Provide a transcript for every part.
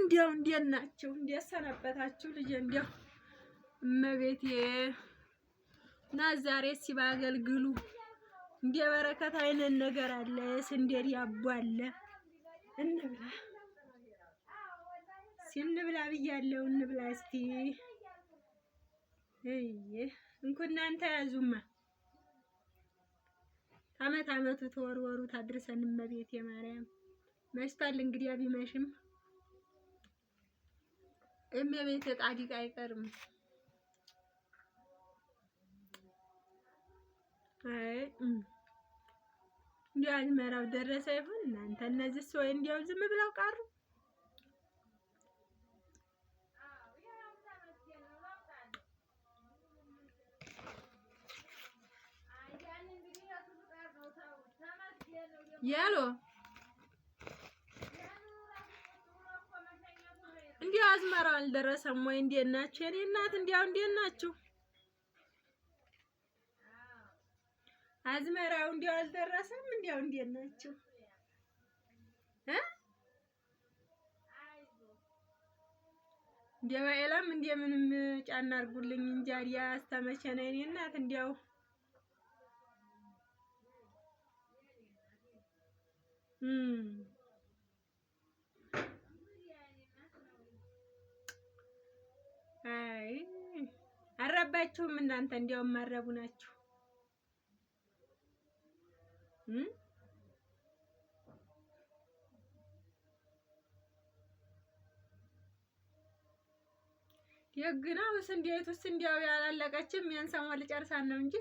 እንዲያው እንዴት ናችሁ? እንዴት ሰነበታችሁ? ልጄ እንዲያው እመቤቴ እና ዛሬ ሲባገልግሉ እንደ በረከት አይነት ነገር አለ። ስንዴ ዳቦ አለ። እንብላ ሲንብላ ብያለሁ። እንብላ እስቲ እይ እንኩናንተ ያዙማ አመት አመቱ ተወርወሩ ታድርሰን እመቤቴ ማርያም መሽቷል እንግዲህ ቢመሽም እመቤት ጻድቅ አይቀርም። አይ እንዲያው አዝመራው ደረሰ ይሆን እናንተ? እነዚህ ሰው እንዲያው ዝም ብለው ቀሩ። ያሎ እንዲያው አዝመራው አልደረሰም ወይ? እንዴት ናችሁ የኔ እናት? እንዲያው እንዴት ናችሁ? አዝመራው እንዲያው አልደረሰም። እንዲያው እንዴት ናችሁ? እንዲያው ኤላም እንዴ ምንም ጫና አርጉልኝ እንጂ አዲያ አስተመቸ ነው የኔ እናት እንዲያው እም አልገባችሁም እናንተ እንዲያውም ማረቡ ናችሁ። የግና ነው ስንዴት ውስጥ እንዲያው ያላለቀችም ያን ሰሞን ልጨርሳን ነው እንጂ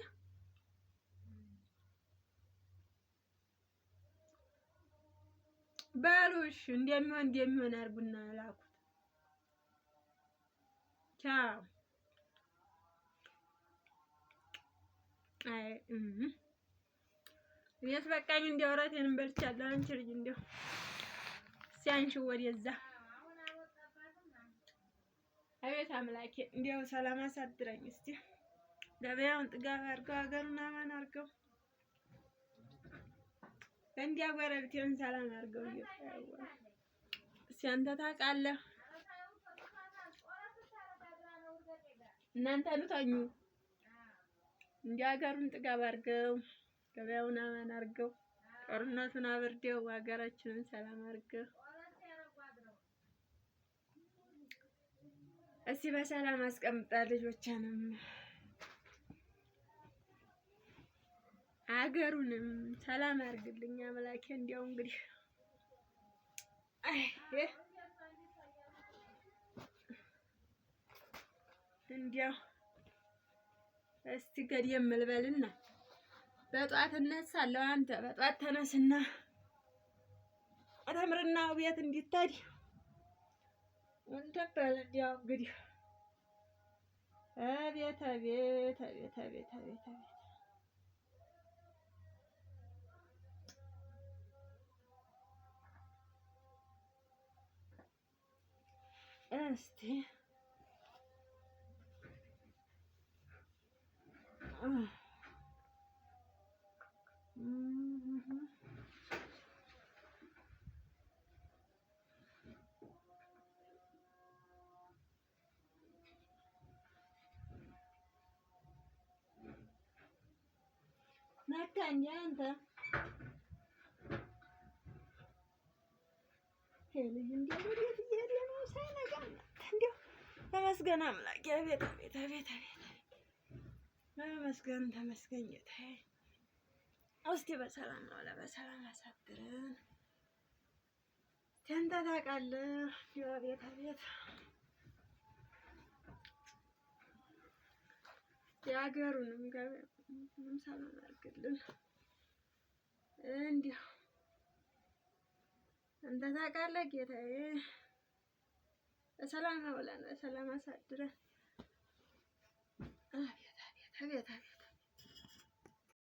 በሉሽ እንደሚሆን እንደሚሆን አርጉና ላኩት። ቻው የት በቃኝ እንዲያው እራቴን በልቻለሁ። አንቺ ልጅ እንዲያው እስኪ ወደዛ አቤት አምላኬ እንዲያው ሰላም አሳድረኝ። እስቲ። ገበያውን ጥጋብ አድርገው ሀገሩን አማን አድርገው እንዲያ ጎረቤቴውን ሰላም አድርገው። እስኪ ሲያንተ ታውቃለህ እናንተ ኑ ተኙ እንዲህ ሀገሩን ጥጋብ አድርገው ገበያውን አማን አድርገው ጦርነቱን አብርደው ሀገራችንን ሰላም አድርገው እስቲ በሰላም አስቀምጣ ልጆችንም አገሩንም ሰላም አድርግልኝ አምላኬ። እንዲያው እንግዲህ እንዲያው እስቲ ገድየም ልበልና በጧት እነሳለሁ። አንተ በጧት ተነስና ተምርና ቤት እንዲታይ እንትን በል። እንዲያው እንግዲህ አቤት አቤት አቤት አቤት አቤት አቤት እስቲ Nereden yandı? ಹೇಳಿದ್ದೀನಿ ನಮಸ್ಕಾರ ನಮ್ಲ ಗೆವೆ ತವೆ ತವೆ ತವೆ በመስገን ተመስገን ጌታዬ። እስቲ በሰላም ነው አለ አሳድረን። ተንተ ታውቃለህ የቤት አቤት የሀገሩንም ገበያውንም ሰላም አድርግልን። እንዲሁ አንተ ጌታዬ። በሰላም ነው ብለን አሳድረን 随便谈